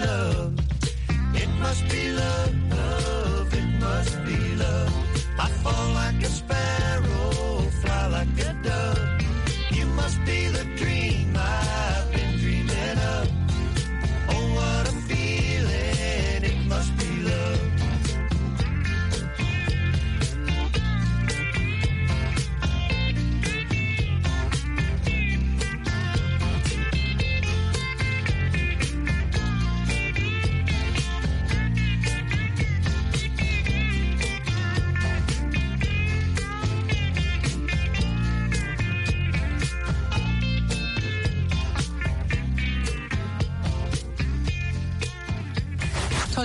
It must be love. It must be love. I fall like a spell.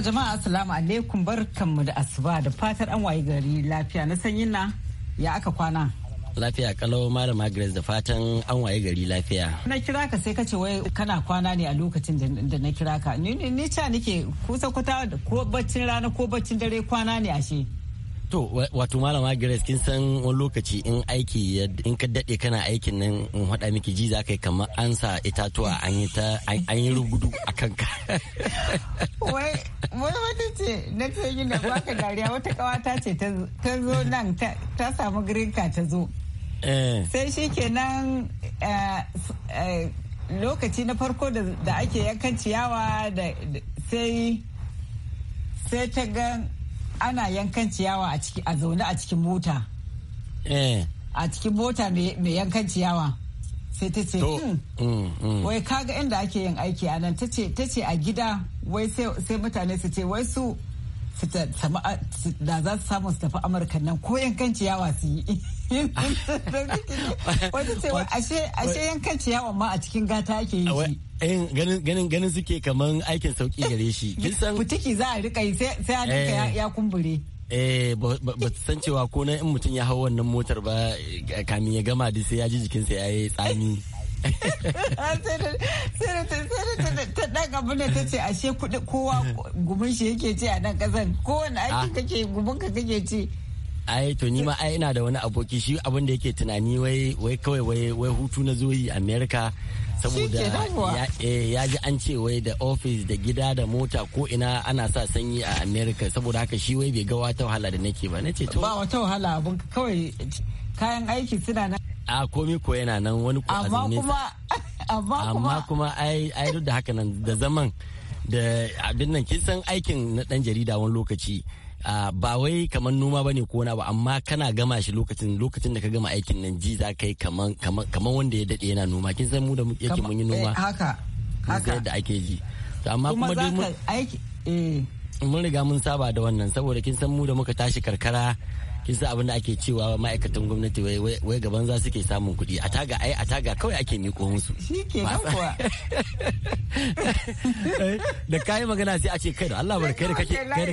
jama'a assalamu alaikum barkanmu da asuba da fatar an waye gari lafiya na sanyin na ya aka kwana. Lafiya kalau malam Grace da fatan an waye gari lafiya. Na kira ka sai kace wai kana kwana ne a lokacin da na kira ka. Ni ni ta nake kusa kwata ko baccin rana ko baccin dare kwana ne ashe. To wato malama Grace kin san wani lokaci in aiki in ka dade kana aikin nan in hada miki ji za yi kamar an sa itatuwa an yi ta an yi rugudu a kanka. Wai wai wata ce na ce yi na baka dariya wata kawata ce ta zo nan ta samu green card ta zo. Eh. Sai shi kenan eh, eh, lokaci na farko da ake yankan ciyawa da sai sai ta gan ana yankan ciyawa a ciki a zaune a cikin mota eh. a cikin mota mai yankan ciyawa sai ta ce hmm, mm, mm. wai kaga inda ake yin aiki anan nan ta ce a gida wai sai mutane su ce wai su da za su samu su tafi amurka nan ko yankanci ciyawa su yi wata ce ashe yankanci ciyawa ma a cikin gata ake yi shi eh, ganin ganin suke kaman aikin sauki gare shi butiki za a rika yi sai a rika eh. ya kumbure eh ba san cewa ko na in mutum ya hau wannan motar ba eh, kamin ya gama da sai ya ji jikinsa ya yi tsami ta ɗan abin ta ce ashe kuɗi kowa gumin shi yake ce a nan ƙasan kowane aiki ah. kake gumin ka kake ce ai to ni ma ai ina da wani aboki shi abin da yake tunani wai wai kawai wai wai hutu na zo yi America saboda eh, ya ji an ce wai da office da gida da mota ko ina ana sa sanyi a America saboda haka shi wai bai ga wata wahala da nake ba nace to ba wata wahala abun kawai kayan aiki suna na a komi ko yana nan wani ko azumi amma kuma ai duk da haka nan da zaman da abin nan kin san aikin na dan jarida wani lokaci ba wai kamar noma ba ne kona ba amma kana gama shi lokacin lokacin da ka gama aikin nan ji za ka yi kaman wanda ya daɗe yana noma kin san mu da yake mun yi noma eh, haka haka ake ji amma kuma dai eh. mun riga mun saba da wannan saboda kin san mu da muka tashi karkara kin san abin da ake cewa ma'aikatan gwamnati wai gaban za suke samun kuɗi a taga ai a taga kawai ake miko musu kuwa eh, da kai magana sai a ce kai da Allah bar kai da kake kai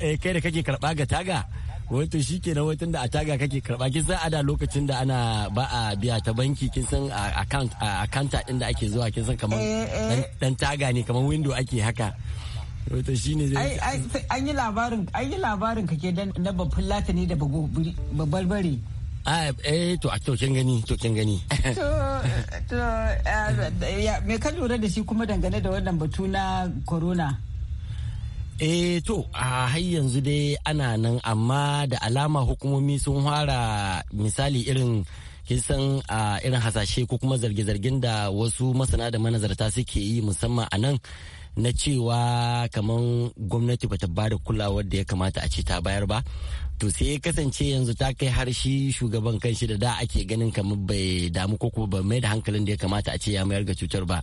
eh, eh, da kake karba ga taga wato shi ke na watan da a taga kake karba kin san ada lokacin da ana ba a biya ta banki kin san account account din da ake zuwa kin san kamar dan taga ne kamar window ake haka wata shi ne an yi labarin an yi labarin kake dan na babban latani da babbarbare a eh to a to kin gani to kin gani to eh, me ka lura da shi kuma dangane da wannan batu na corona eh to a har yanzu dai ana nan amma da alama hukumomi sun fara misali irin kisan a irin hasashe ko kuma zarge-zargen da wasu masana da manazarta suke yi musamman a nan na cewa kamar gwamnati bata ba da kulawar da ya kamata a ce ta bayar ba to sai ya kasance yanzu ta kai har shugaban kanshi da da ake ganin kamar bai damu ko kuma bai mai da hankalin da ya kamata a ce ya mayar ga cutar ba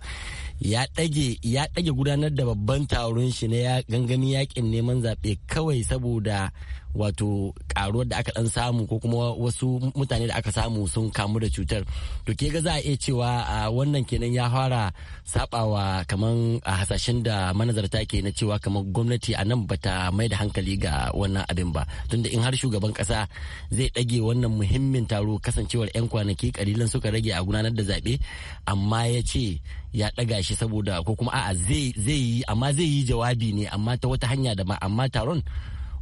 ya ɗage ya ɗage gudanar da babban taron shi na gangamin yakin neman zaɓe kawai saboda wato karuwar da aka ɗan samu ko kuma wasu mutane da aka samu sun kamu da cutar to ke ga za a iya cewa wannan kenan ya fara sabawa kaman hasashen da manazarta ke na cewa kamar gwamnati a nan bata mai da hankali ga wannan abin ba tunda in har shugaban ƙasa zai ɗage wannan muhimmin taro kasancewar 'yan kwanaki kalilan suka rage a gudanar da zaɓe amma ya ce ya ɗaga shi saboda ko kuma a'a zai yi amma zai yi jawabi ne amma ta wata hanya da amma taron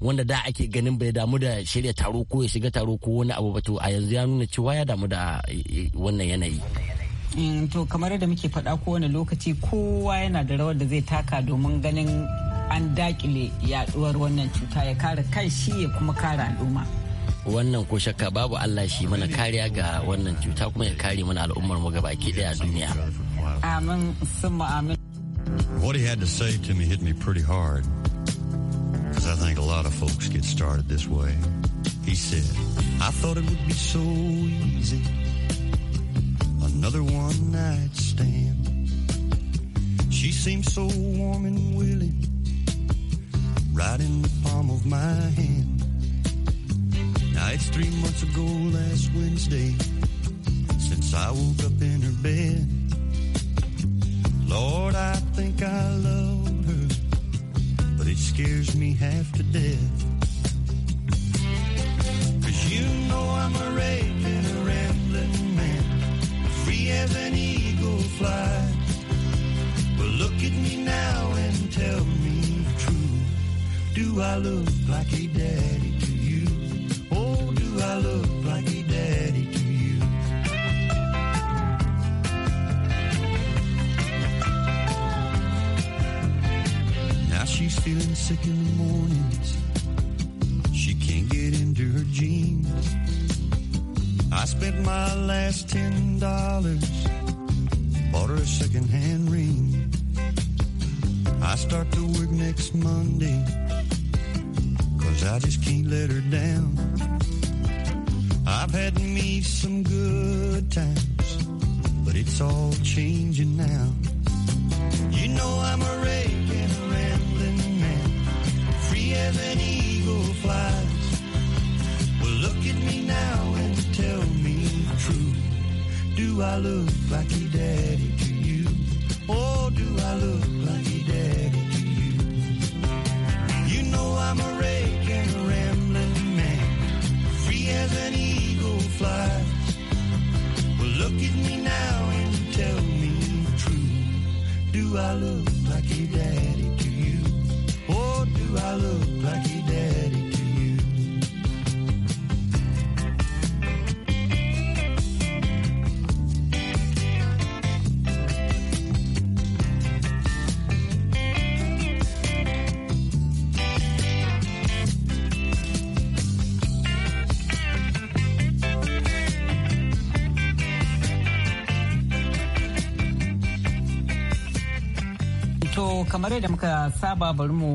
wanda da ake ganin bai damu da shirya taro ko ya shiga taro ko wani abu ba to a yanzu ya nuna cewa ya damu da eh, wannan yanayi. Mm, to kamar da muke faɗa wani lokaci kowa yana da rawar da zai taka domin ganin an dakile yaɗuwar wannan cuta ya kare kan shi ya kuma kare al'umma. wannan ko shakka babu Allah shi mana kariya ga wannan cuta kuma ya kare mana al'ummar mu gabaki daya duniya. What he had to say to me hit me pretty hard because I think a lot of folks get started this way. He said, I thought it would be so easy. Another one night stand. She seemed so warm and willing, right in the palm of my hand. Now it's three months ago last Wednesday since I woke up in her bed. Lord, I think I love her, but it scares me half to death. Cause you know I'm a raving, a rambling man, free as an eagle flies. Well, look at me now and tell me true. Do I look like a daddy to you? Oh, do I look like a daddy she's feeling sick in the mornings. She can't get into her jeans. I spent my last ten dollars, bought her a secondhand ring. I start to work next Monday, cause I just can't let her down. I've had me some good times, but it's all changing now. You know I'm a an eagle flies. Well, look at me now and tell me true. Do I look like your daddy to you? Or do I look like your daddy to you? You know I'm a rake and a rambling man, free as an eagle flies. Well, look at me now and tell me true. Do I look like your daddy to you? Or do I look kamar yadda muka saba bari mu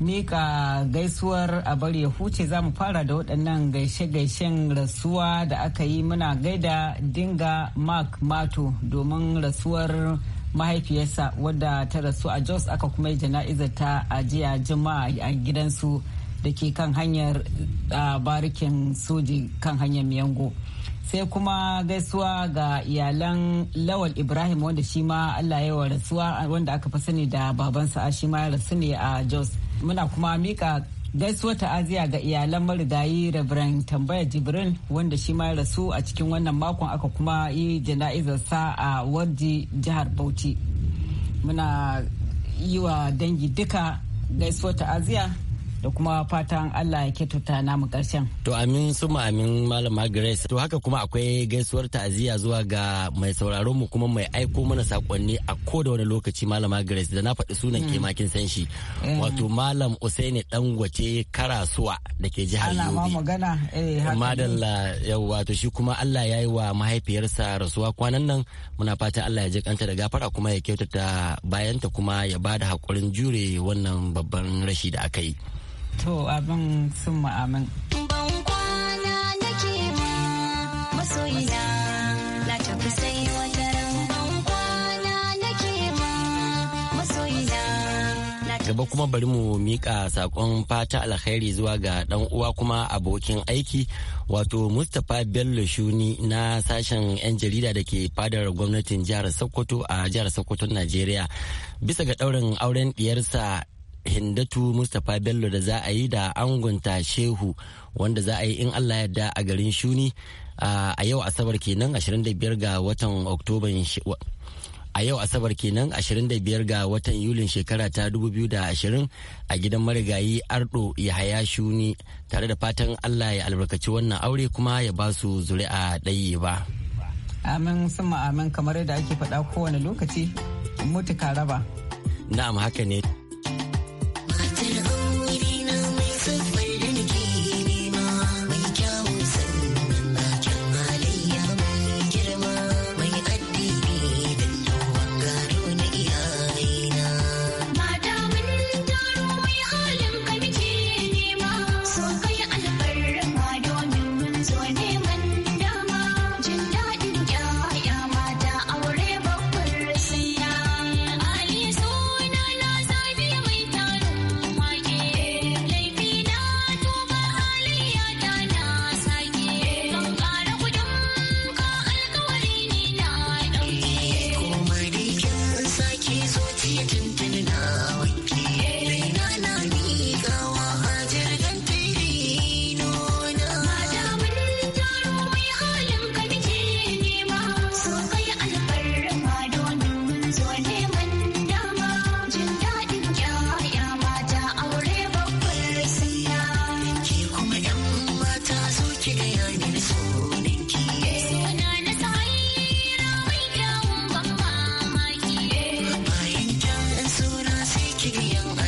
mika gaisuwar a bari ya huce za mu fara da waɗannan gaishe-gaishen rasuwa da aka yi muna gaida dinga mark mato domin rasuwar mahaifiyarsa wadda ta rasu a jos aka kuma yi jana'izar ta a jiya juma'a a gidansu da ke kan hanyar barikin soji kan hanyar miyango sai kuma gaisuwa ga iyalan lawal ibrahim wanda shi ma allah yawa rasuwa wanda aka fi sani da babansa shi ma ya rasu ne a jos muna kuma mika gaisuwar ta'aziya ga iyalan marigayi Reverend tambaya Jibrin wanda shi ma rasu a cikin wannan makon aka kuma yi jana'izar jana'izarsa a warji jihar Bauchi. Muna yi wa dangi duka gaisuwar ta'aziya da kuma fatan Allah ya kyautata namu karshen. To amin suma amin malama Grace. To haka kuma akwai gaisuwar ta'aziyya zuwa ga mai sauraron mu kuma mai aiko mana sakonni a koda wani lokaci malama Grace da na faɗi sunan ke mm. ma kin san shi. Eh. Wato malam Usaini gwace Karasuwa da ke jihar Yobe. Ana ma magana eh haka. Madalla yawa to shi kuma Allah ya yi wa mahaifiyarsa rasuwa kwanan nan muna fatan Allah ya ji kanta da gafara kuma ya kyautata bayanta kuma ya bada hakurin jure wannan babban rashi da aka yi. To abin sun ma'amin. Ban kwana nake ba masoyina na tafi sai wata gaba kuma bari mu mika saƙon fata alkhairi zuwa ga ɗan uwa kuma abokin aiki wato mustapha bello shuni na sashen 'yan jarida da ke fadar gwamnatin jihar sokoto a jihar sokoto najeriya bisa ga ɗaurin auren ɗiyarsa. hindatu mustapha bello da za a yi da angunta shehu wanda za a yi in allah yadda a garin shuni a yau asabar kenan 25 ga watan oktoba a yau asabar kenan 25 ga watan yulin shekara ta 2020 a gidan marigayi ardo yahaya shuni tare da fatan allah ya albarkaci wannan aure kuma ya ba su zuri'a ɗaye ba amin sama amin kamar yadda ake faɗa kowane lokaci mutuka raba na'am haka ne You.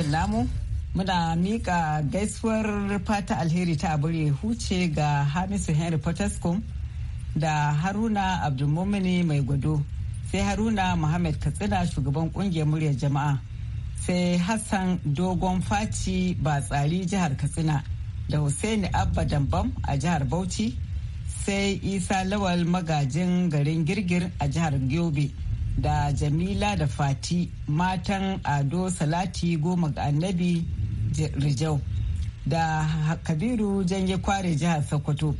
shirin namu muna mika gaisuwar fata alheri ta bure huce ga hamisu henry potescom da haruna abdulmumini mai gwado sai haruna muhammad katsina shugaban kungiyar muryar jama'a sai hassan dogon faci batsari jihar katsina da hussaini abba dambam a jihar bauchi sai isa lawal magajin garin girgir a jihar gyobe da jamila da fati matan ado salati goma ga annabi rijau da kabiru janye kware jihar sokoto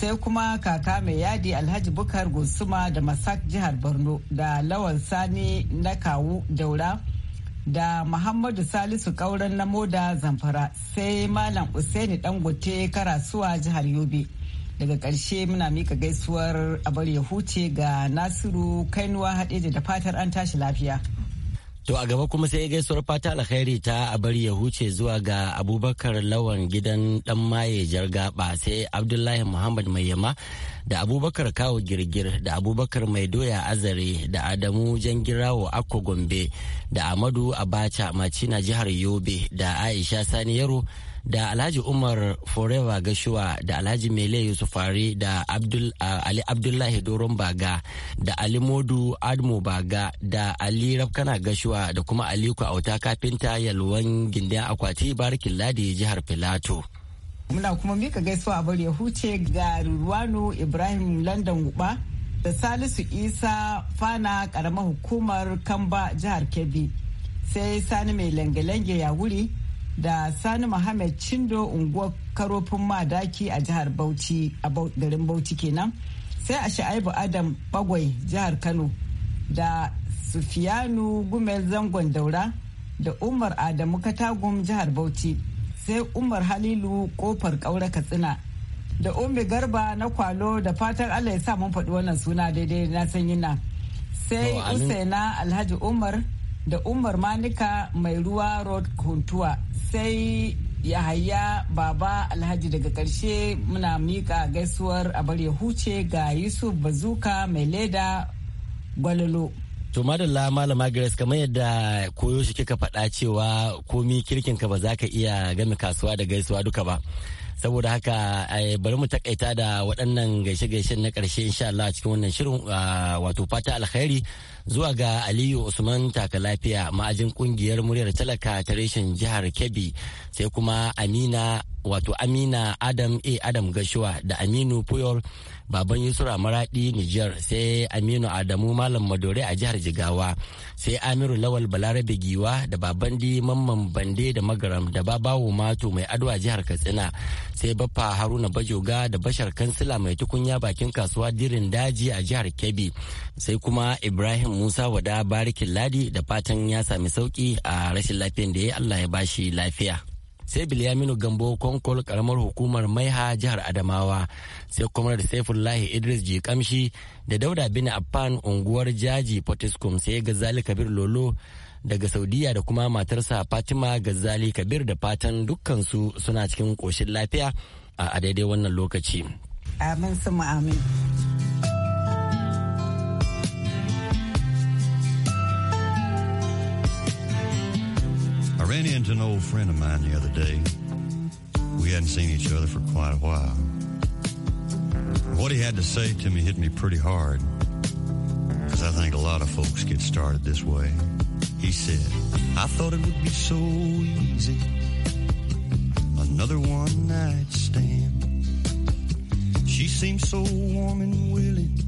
sai kuma kaka mai yadi alhaji bukar gusuma da masak jihar borno da lawal sani na kawu daura da muhammadu salisu kauran na moda zamfara sai malam usaini dangote karasuwa jihar yobe daga ƙarshe muna mika gaisuwar abar ya huce ga nasiru kainuwa haɗe da fatar an tashi lafiya To a gaba kuma sai gaisuwar fata alkhairi ta a bari ya huce zuwa ga abubakar lawan gidan dan maye jargaba sai abdullahi muhammad mai yama da abubakar kawo girgir da abubakar mai doya azare da adamu jangirawo akko gombe da amadu abacha macina jihar yobe da aisha sani yaro da alhaji umar forever gashuwa da alhaji mele yusufari da Abdul, ali abdullahi doron baga da ali modu admo baga da ali rafkana gashuwa da kuma aliku auta kafinta yalwan gindin akwati barikin ladi jihar filato muna kuma mika gaisuwa a bari huce ga ruwanu ibrahim london guba da salisu isa fana karamar hukumar kamba jihar kebbi sai sani mai lange-lange ya wuri da sani muhammad cindo unguwar karofin madaki a jihar bauchi a garin bauchi kenan sai a sha'aibu adam bagwai jihar kano da sufiyanu gumel zangon daura da umar adamu katagun jihar bauchi sai umar halilu kofar kaura katsina da umi garba na kwalo da fatan allah ya sa mun faɗi wannan suna daidai na sanyi na sai usaina alhaji umar da umar manika mai ruwa road huntuwa. sai yahaya baba alhaji daga karshe muna mika gaisuwar abar ya huce ga yusuf bazuka mai leda gwalolo To la malama Grace kamar yadda koyo shi kika faɗa cewa komi kirkin ka ba za ka iya gami kasuwa da gaisuwa duka ba. Saboda haka eh, bari mu takaita da waɗannan gaishe gaishe na ƙarshe insha Allah cikin wannan shirin ah, wato fata alkhairi zuwa ga Aliyu Usman taka lafiya ma'ajin kungiyar muryar talaka ta reshen jihar Kebbi sai kuma Amina wato Amina Adam A eh, Adam Gashuwa da Aminu Puyol baban yusura maraɗi niger sai aminu adamu malam madore a jihar jigawa sai amiru lawal balarabe giwa da baban di mamman bande da magaram da babawo mato mai adwa jihar katsina sai baffa haruna bajoga da bashar kansila mai tukunya bakin kasuwa dirin daji a jihar kebbi sai kuma ibrahim musa wada barikin ladi da fatan ya sami sauki a rashin lafiyan da ya allah ya bashi lafiya sai bilyaminu gambo konkol karamar hukumar maiha jihar adamawa sai kwamar saifullahi idris ji kamshi da dauda bin afan unguwar jaji potiskum sai gazali kabir lolo daga saudiya da kuma matarsa fatima gazali kabir da fatan dukkansu suna cikin koshin lafiya a daidai wannan lokaci amin amin I ran into an old friend of mine the other day. We hadn't seen each other for quite a while. What he had to say to me hit me pretty hard, because I think a lot of folks get started this way. He said, I thought it would be so easy. Another one night stand. She seemed so warm and willing,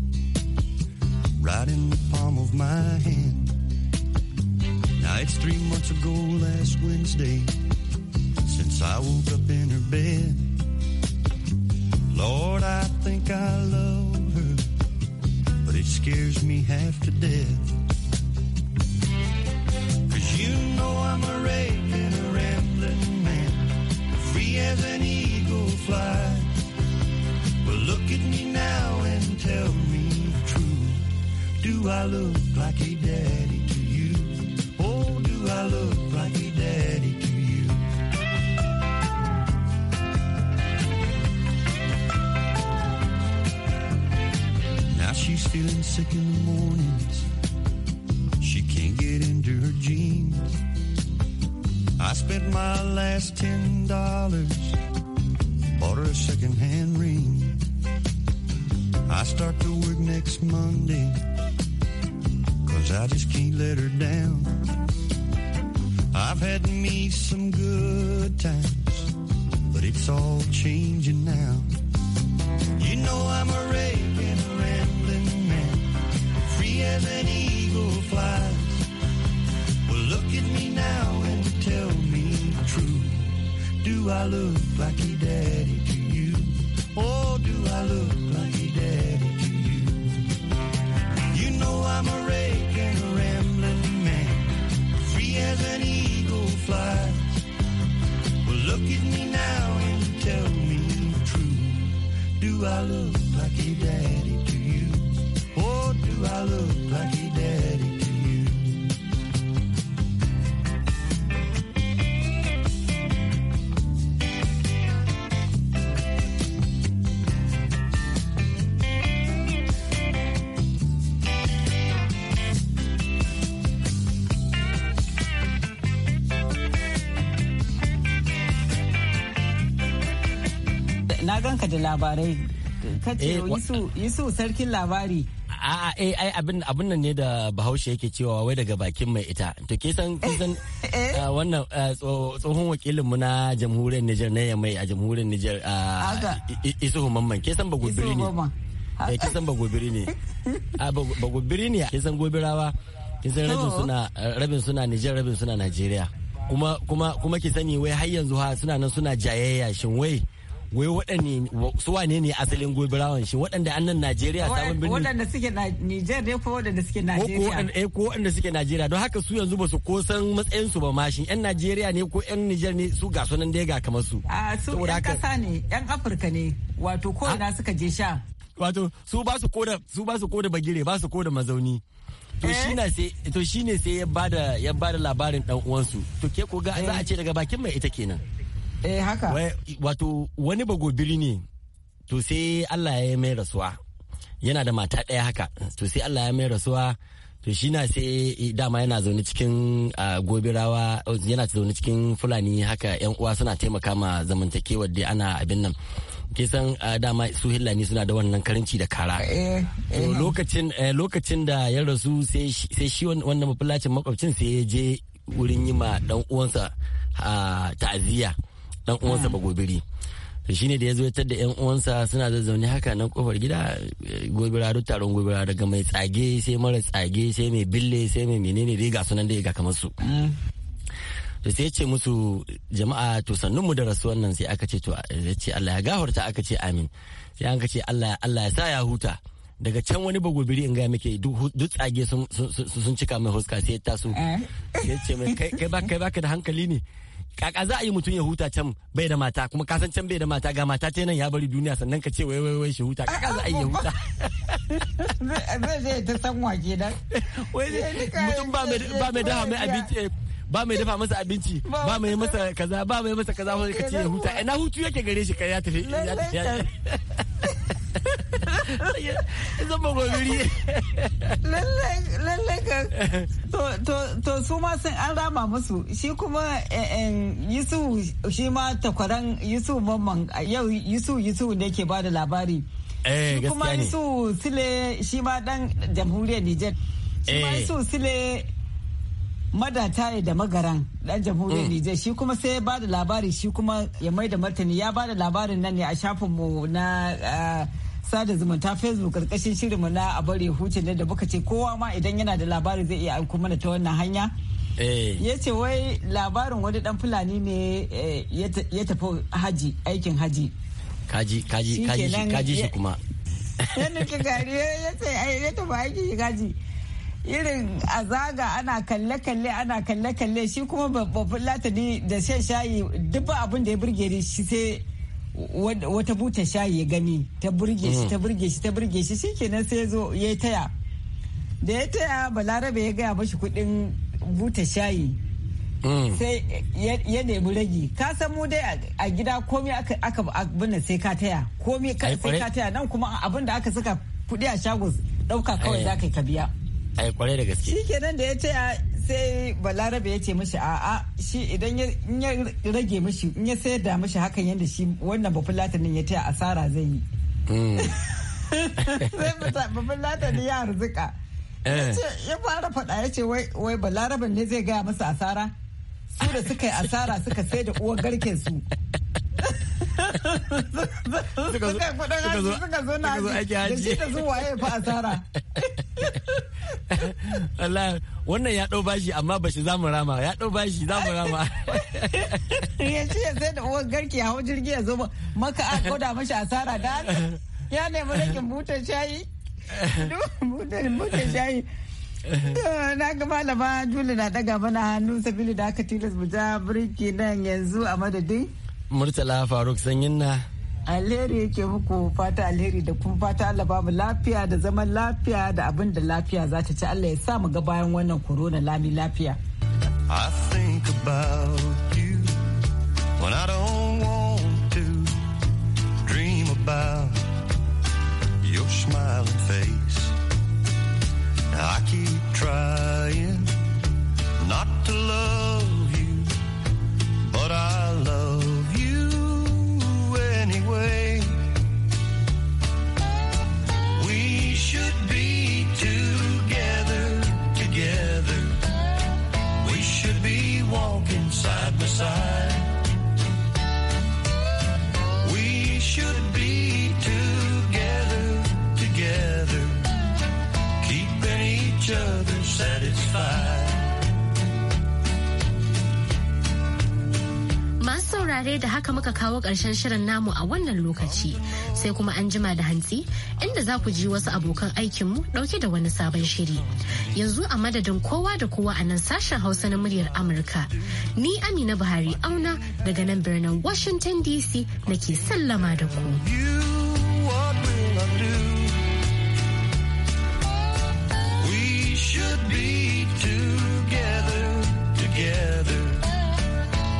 right in the palm of my hand it's three months ago last Wednesday since I woke up in her bed. Lord, I think I love her, but it scares me half to death. Cause you know I'm a raking, a rambling man, free as an eagle fly. But look at me now and tell me the truth. Do I look like a daddy I look like daddy to you. Now she's feeling sick in the mornings. She can't get into her jeans. I spent my last ten dollars, bought her a secondhand ring. I start to work next Monday, cause I just can't let her down. I've had me some good times, but it's all changing now. You know I'm a raking, rambling man, free as an eagle flies. Well, look at me now and tell me true. Do I look like your daddy to you? Oh, do I look like haka da labarai kace eh, yusu sarkin labari a'a a eh, ai abin abin nan ne da Bahaushe yake cewa wai daga bakin mai ita to ke san san eh? wannan tsohon wakilin mu na jamhuriyar Niger na mai a jamhuriyar Niger ah, Isuhu Mamman ke san ba ne eh ke san ba ne a ba ne ke san gobirawa ke san rabin suna rabin suna Niger rabin suna Najeriya kuma kuma kuma ki sani wai har yanzu ha suna nan suna jayayya shin wai wai waɗanne su wane ne asalin rawan shi waɗanda annan Najeriya sabon birni waɗanda suke Niger ne ko waɗanda suke Najeriya eh ko waɗanda suke Najeriya don haka su yanzu ba su ko san matsayin su ba ma shi ƴan Najeriya ne ko ƴan Niger ne su ga sunan dai ga kamar su a ah, su ƴan kasa ne ƴan Afirka ne wato ko ah. ina suka je sha wato su ba su koda su ba su koda bagire ba su koda mazauni to eh? shine sai to ne sai ya bada ya bada labarin dan uwansu to ke ko ga za a eh. ce daga bakin mai ita kenan eh haka wato wani bago ne to sai Allah ya mai rasuwa yana da mata ɗaya haka to sai Allah ya mai rasuwa to shi na sai eh, dama yana zaune cikin gobirawa yana zaune cikin fulani haka yan uwa suna taimaka ma zamantakewa da ana abin nan ke san dama su hillani suna da wannan karanci da kara eh, eh, lokacin lokacin da ya rasu sai shi wannan mafulacin makwabcin sai ya je wurin yi ma dan uwansa ta'aziyya dan uwansa hmm. ba gobiri to shine da ya zo da yan uwansa suna zazzaune haka nan kofar gida gobira duk taron gobira daga mai tsage sai mara tsage sai mai bille sai mai menene dai ga sunan ya ga kamar su hmm. to sai ce musu jama'a to sannun mu da rasuwan nan sai aka ce to ya ce Allah ya gafarta aka ce amin sai an ce Allah Allah ya sa ya huta daga can wani bagobiri in ga muke duk tsage sun cika mai huska sai ya taso eh. sai ce mai kai baka da hankali ne kaka za a yi mutum ya huta can bai da mata kuma kasan can bai da mata ga mata ta nan ya bari duniya sannan ka ce wai wai wai shi huta kaka za a yi ya huta zai zai ta san wake dan wai mutum ba mai ba mai dafa mai abinci eh, ba mai dafa masa abinci ba mai masa kaza ba mai masa kaza ka ce ya huta ina hutu yake gare shi kai ya tafi zama gwamiri lallai ka to su ma sun an rama musu shi kuma yusu shi ma takwaran yusu mamman yau yusu yusu da ke ba da labari shi kuma yusu sile shi ma dan jamhuriyar nijar shi ma eh. yusu sile madata da magaran dan jamhuriyar mm. Nijar shi kuma sai ya ba da labari shi kuma ya mai da martani ya ba da labarin nan ne a shafinmu na eh, sada zumunta facebook karkashin shirinmu na a bare hucin da muka ce kowa ma idan yana da labari zai iya aiko mana ta wannan hanya eh. ya ce wai labarin wani dan fulani ne eh, ya tafi haji aikin haji kaji kaji kaji kaji shi kuma yana ki gari ya ce ya tafi aikin haji irin a zaga ana kalle-kalle ana kalle-kalle shi kuma babban latani da shan shayi duk abin da ya burge shi sai wata buta shayi ya gani ta burge shi ta mm. burge shi ta burge shi shikenan sai ya zo ya taya da ya taya balarabe ya gaya mashi kudin buta shayi mm. sai ya nemi ragi ka san mu dai a gida komai aka abin sai ka taya komai sai ka taya nan kuma abin da aka saka kudi a shago dauka kawai za ka biya shikenan da ya taya sai balarabe ya ce mashi a'a shi idan ya rage mashi in ya sayar da mashi hakan yadda shi wannan bafulatinin ya taya asara zai yi hmm. sai bafulatinin ya arzika eh. ya fara faɗa ya ce wai balaraben ne zai gaya masa asara su da suka yi asara suka sai da uwar garken su suka zo na aiki da shi da zuwa ya fi asara wannan ya ɗau bashi amma bashi za mu rama ya ɗau bashi za mu rama ya ce sai da uwar garki hau jirgi ya zo maka a koda mashi asara da ya nemi rikin buta shayi butar shayi na ga malama juli na daga mana hannu sabili da aka tilas mu ja birki nan yanzu a madadin murtala faruk sanyin na alheri yake muku fata alheri da kuma fata Allah ba lafiya da zaman lafiya da abin da lafiya za ta ci Allah ya sa mu ga bayan wannan corona lami lafiya. I think about trying not to love haka muka kawo ƙarshen shirin namu a wannan lokaci sai kuma an jima da hantsi inda za ku ji wasu abokan aikinmu ɗauke da wani sabon shiri. Yanzu a madadin kowa da kowa a nan sashen Hausa na muryar Amurka. Ni Amina Buhari Auna daga nan birnin Washington DC nake sallama da ku.